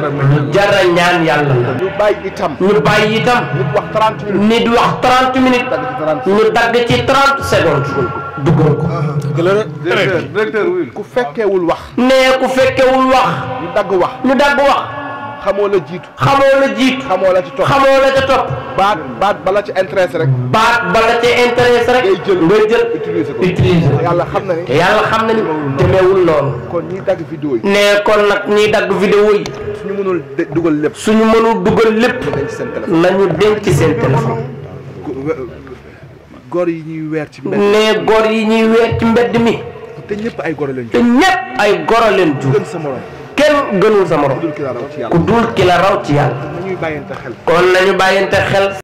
lu jar a ñaan yàlla la. ñu bàyyi itam. ñu bàyyi itam. nit wax trente minutes. nit wax trente minutes. ñu dagg ci trente secondes. duggal ah, ah. ku fekkeewul wax. nee ku fekkeewul wax. ñu dagg wax. ñu dagg wax. xamoo la jiitu. xamoo la jiitu. xamoo la ci topp xamoo la ca topp. baat baat bala ci intéresse rek. baat bala ci intéresse rek. ngay jël ngay jël utiliser ko utiliser ko. yàlla xam na ni. yàlla noonu. kon ñiy dagg vidéo yi. suñu mënul dugal lépp. suñu mënul dugal lépp. nañu denc seen téléphone. gor yi ñuy weer ci mbedd. mais gor yi ñuy ci mbedd mi. te ñëpp ay goro leen jur. ay goro leen jur. gën sa morom. kenn gënul sa morom. ku dul ki la raw ci yàlla. kon nañu bàyyante xel.